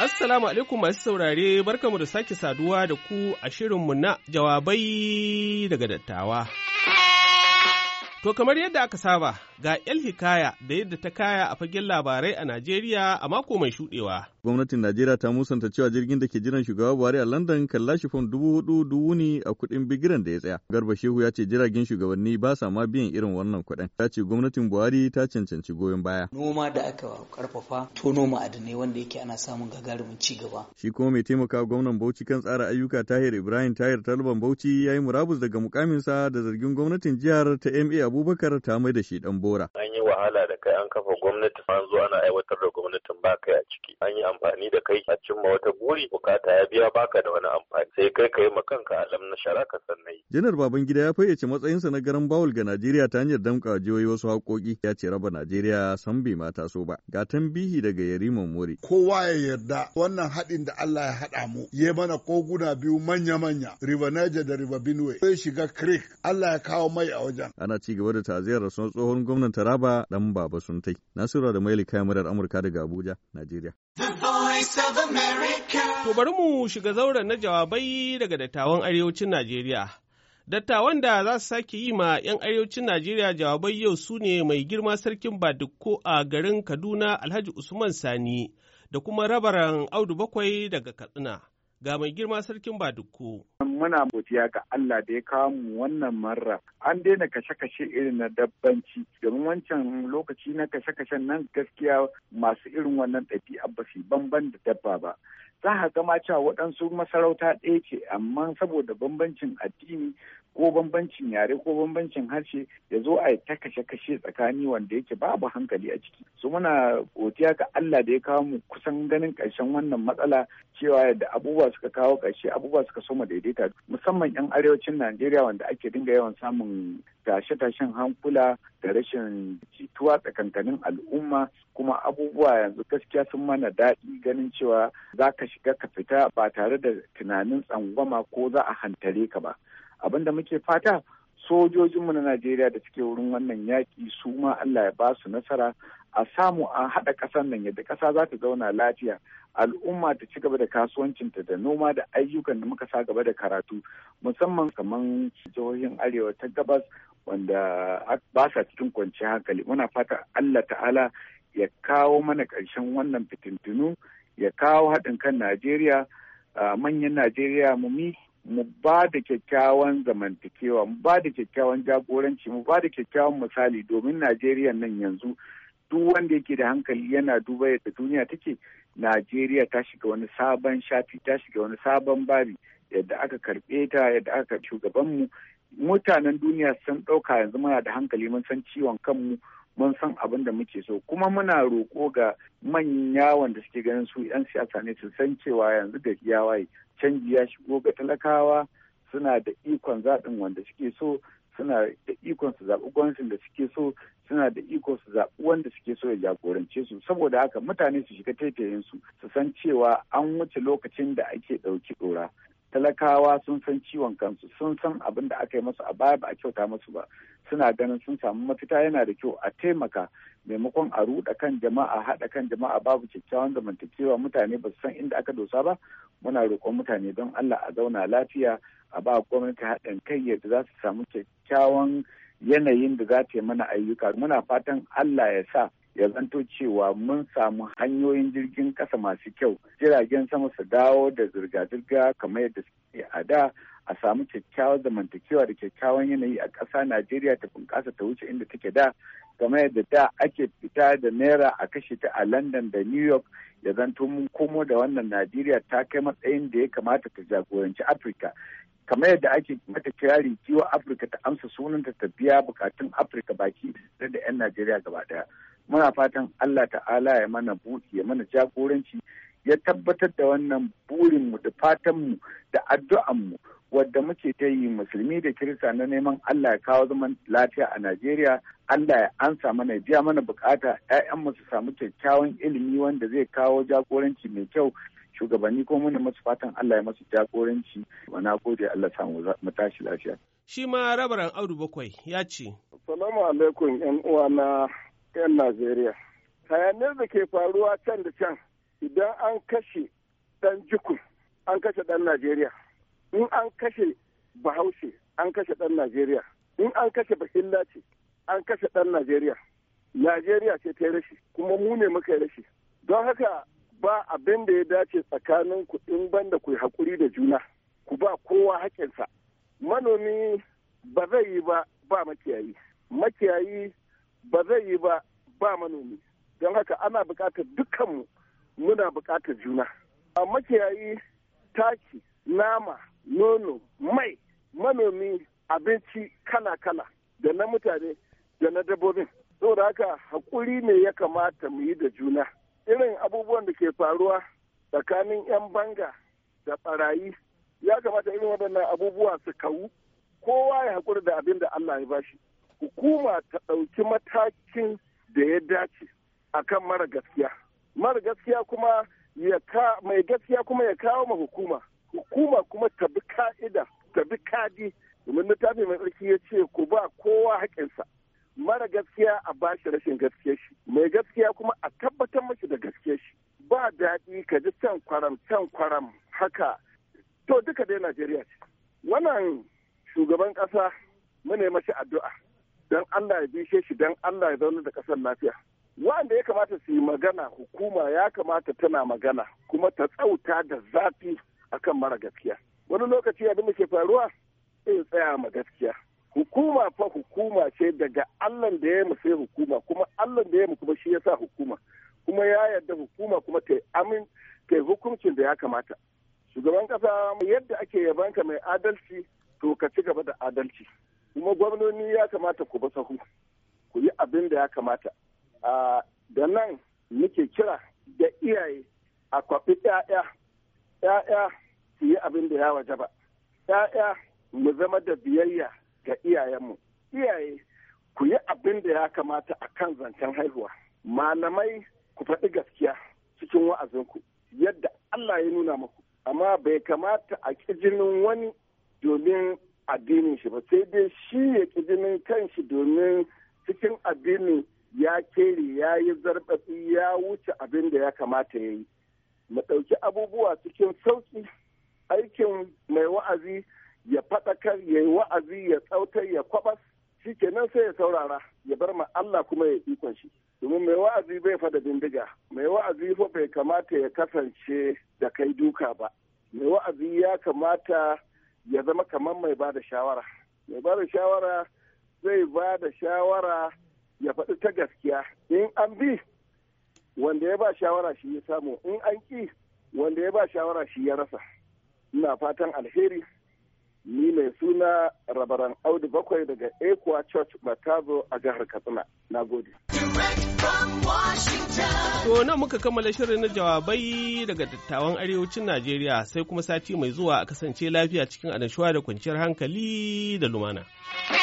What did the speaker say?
Assalamu alaikum masu saurare barkamu da sake saduwa da ku a shirinmu na jawabai daga dattawa. To kamar yadda aka saba, Ga El Hikaya da yadda ta kaya a fagen labarai a Najeriya a mako mai shuɗewa. Gwamnatin Najeriya ta musanta cewa jirgin da ke jiran shugaba Buhari a London kan lashe fam dubu hudu dubu ne a kuɗin bigiran da ya tsaya. Garba Shehu ya ce jiragen shugabanni ba sa ma biyan irin wannan kuɗin. Ya ce gwamnatin Buhari ta cancanci goyon baya. Noma da aka karfafa tono ma'adanai wanda yake ana samun gagarumin ci gaba. Shi kuma mai taimaka gwamnan Bauchi kan tsara ayyuka Tahir Ibrahim Tahir Talban Bauchi ya yi murabus daga mukaminsa da zargin gwamnatin jihar ta MA Abubakar ta mai da shi ɗan jagora. An yi wahala da kai an kafa gwamnati an zo ana aiwatar da gwamnatin ba kai a ciki. An yi amfani da kai a cimma wata buri bukata ya biya baka da wani amfani sai kai ka yi ma kanka alam na sharaka sannan. Janar Babangida ya fayyace matsayinsa na garan bawul ga Najeriya ta hanyar damƙa jihohi wasu haƙoƙi ya ce raba Najeriya san bai mata so ba. Ga tambihi daga Yariman Mori. Kowa ya yarda wannan haɗin da Allah ya haɗa mu ya mana koguna biyu manya-manya riba Niger da riba Benue. Sai shiga Creek Allah ya kawo mai a wajen. Ana ci gaba da taziyar rasuwar tsohon gwamnati gwamnan Taraba ɗan Baba Suntai. Nasiru da Maili kamarar Amurka daga Abuja, Najeriya. To bari mu shiga zauren na jawabai daga dattawan arewacin Najeriya. Dattawan da za su sake yi ma 'yan arewacin Najeriya jawabai yau su ne mai girma sarkin Badukko a garin Kaduna Alhaji Usman Sani da kuma rabaran Audu Bakwai daga Katsina. Ga mai girma sarkin Badukko. muna godiya ga Allah da ya kawo mu wannan marra an daina kashe-kashe irin na dabbanci domin wancan lokaci na kashe-kashen nan gaskiya masu irin wannan ɗabi'a ba su banban da dabba ba za a gama cewa waɗansu masarauta ɗaya ce amma saboda bambancin addini ko bambancin yare ko bambancin harshe ya zo a ta kashe-kashe tsakani wanda yake babu hankali a ciki su muna godiya ga Allah da ya kawo mu kusan ganin ƙarshen wannan matsala cewa yadda abubuwa suka kawo ƙarshe abubuwa suka soma daidaita musamman 'yan arewacin Najeriya wanda ake dinga yawan samun tashe-tashen hankula da rashin jituwa tsakankanin al'umma kuma abubuwa yanzu gaskiya sun mana daɗi ganin cewa za ka shiga ka fita ba tare da tunanin tsangwama ko za a hantare ka ba abin da muke fata sojojinmu na najeriya da suke wurin wannan yaki su ma allah ya ba su nasara a samu a haɗa ƙasar nan yadda ƙasa za ta zauna lafiya al'umma ta ci gaba da kasuwancinta da noma da ayyukan da muka sa gaba da karatu musamman kamar jihohin arewa ta gabas wanda ba sa cikin kwanciyar hankali muna fata allah ta'ala ya kawo mana ƙarshen wannan fitintunu ya kawo haɗin kan najeriya manyan najeriya mu mu ba da kyakkyawan zamantakewa mu ba da kyakkyawan jagoranci mu ba da kyakkyawan misali domin najeriya nan yanzu duk wanda yake da hankali yana duba yadda duniya take najeriya ta shiga wani sabon shafi ta shiga wani sabon babi yadda aka karbe ta yadda aka shugabanmu mutanen duniya sun ɗauka yanzu muna da hankali mun san ciwon kanmu mun san abin da muke so kuma muna roƙo ga manya wanda suke ganin su 'yan siyasa ne su san cewa yanzu da yawaye canji ya shigo ga talakawa suna da ikon zaɓin wanda suke so suna da ikon su zaɓi gwamnatin da suke so suna da iko su zaɓi wanda suke so ya jagorance su saboda haka mutane su shiga taitayen su su san cewa an wuce lokacin da ake ɗauki ɗora talakawa sun san ciwon kansu sun san abin da aka yi masu a baya ba a kyauta masu ba suna ganin sun samu mafita yana da kyau a taimaka maimakon a ruɗa kan jama'a haɗa kan jama'a babu kyakkyawan zamantakewa mutane ba su san inda aka dosa ba muna roƙon mutane don Allah a zauna lafiya a ba gwamnati haɗin kai yadda za su samu kyakkyawan yanayin da za ta yi mana ayyuka muna fatan Allah ya sa ya zanto cewa mun samu hanyoyin jirgin kasa masu kyau jiragen sama su dawo da zirga-zirga kamar yadda suke a da a samu kyakkyawar zamantakewa da kyakkyawan yanayi a ƙasa najeriya ta bunƙasa ta wuce inda take da kamar yadda da ake fita da naira a kashe ta a london da new york ya zanto mun komo da wannan najeriya ta kai matsayin da ya kamata ta jagoranci afirka kamar yadda ake mata kirari kiwo afirka ta amsa sunanta ta biya bukatun afirka baki da 'yan najeriya gaba daya muna fatan Allah ta'ala ya mana buɗi ya mana jagoranci ya tabbatar da wannan burinmu da fatanmu da addu'anmu wadda muke ta yi musulmi da kirista na neman Allah ya kawo zaman lafiya a Najeriya Allah ya ansa mana ya biya mana bukata mu su samu kyakkyawan ilimi wanda zai kawo jagoranci mai kyau shugabanni ko muna masu fatan Allah ya masu jagoranci wa na gode Allah samu mu tashi lafiya shi ma rabaran Audu bakwai ya ce assalamu alaikum yan uwa na 'yan Najeriya. Hayaniyar da ke faruwa can da can idan an kashe ɗan jikun an kashe ɗan Najeriya. In an kashe Bahaushe an kashe ɗan Najeriya. In an kashe Bahilla ce an kashe ɗan Najeriya. Najeriya ce ta rashi kuma mu ne muka rashi. Don haka ba abin da ya dace tsakanin ku in banda ku hakuri da juna. Ku ba kowa hakinsa. Manomi ba zai yi ba ba makiyayi. Makiyayi ba zai yi ba ba manomi don haka ana bukatar dukkanmu muna bukatar juna a makiyayi taki nama nono mai manomi abinci kala-kala da na mutane da na dabbobin saboda haka hakuri ne ya kamata mu yi da juna irin abubuwan da ke faruwa tsakanin 'yan banga da ɓarayi ya kamata irin waɗannan abubuwa su kawu kowa ya haƙuri da abin da Allah ya bashi hukuma ta ɗauki matakin da ya dace akan mara gaskiya mara gaskiya kuma ya ka mai gaskiya kuma ya kawo ma hukuma hukuma kuma ta bi ka'ida ta bi kadi domin littafi mai tsarki ya ce ku ba kowa haƙinsa mara gaskiya a bashi rashin gaskiya shi mai gaskiya kuma a tabbatar mashi da gaskiya shi ba daɗi ka ji can kwaram can kwaram haka to duka dai najeriya ce wannan shugaban ƙasa mu ne mashi addu'a don Allah ya bishe shi don Allah ya zauna da ƙasar lafiya. Wanda ya kamata su yi magana hukuma ya kamata tana magana kuma ta tsauta da zafi akan mara gaskiya. Wani lokaci abin da ke faruwa sai tsaya ma gaskiya. Hukuma fa hukuma ce daga Allah da ya sai hukuma kuma Allah da ya kuma shi ya sa hukuma kuma ya yarda hukuma kuma ta amin ta hukuncin da ya kamata. Shugaban kasa yadda ake yabanka mai adalci to ka ci gaba da adalci. ya kamata ku bi sahu ku yi abin da ya kamata da nan muke kira da iyaye a kwafi 'ya'ya 'ya'ya su yi abin da ya waje ba 'ya'ya mu zama da biyayya ga iyayenmu iyaye ku yi abin da ya kamata a kan zancen haihuwa malamai ku faɗi gaskiya cikin wa'azinku yadda Allah ya nuna muku amma bai kamata a ƙi jinin wani domin addinin shi ba sai dai shi ya ƙi jinin kanshi domin cikin addinin ya kere ya yi zarbafi ya wuce abin da ya kamata ya yi mu ɗauki abubuwa cikin sauƙi aikin mai wa'azi ya faɗakar ya yi wa'azi ya tsautar ya kwabas shi kenan sai ya saurara ya bar ma Allah kuma ya ikon shi domin mai wa'azi bai fada bindiga mai wa'azi fa bai kamata ya kasance da kai duka ba mai wa'azi ya kamata ya zama kamar mai ba da shawara mai ba da shawara zai ba da shawara ya faɗi ta gaskiya in an bi wanda ya ba shawara shi ya samu in an ƙi wanda ya ba shawara shi ya rasa ina fatan alheri ni mai suna rabaran audu bakwai daga Equa Church Batazo a jihar Katsina. Na gode. To nan muka kammala shirin na jawabai daga dattawan arewacin Najeriya sai kuma sati mai zuwa a kasance lafiya cikin annashuwa da kwanciyar hankali da lumana.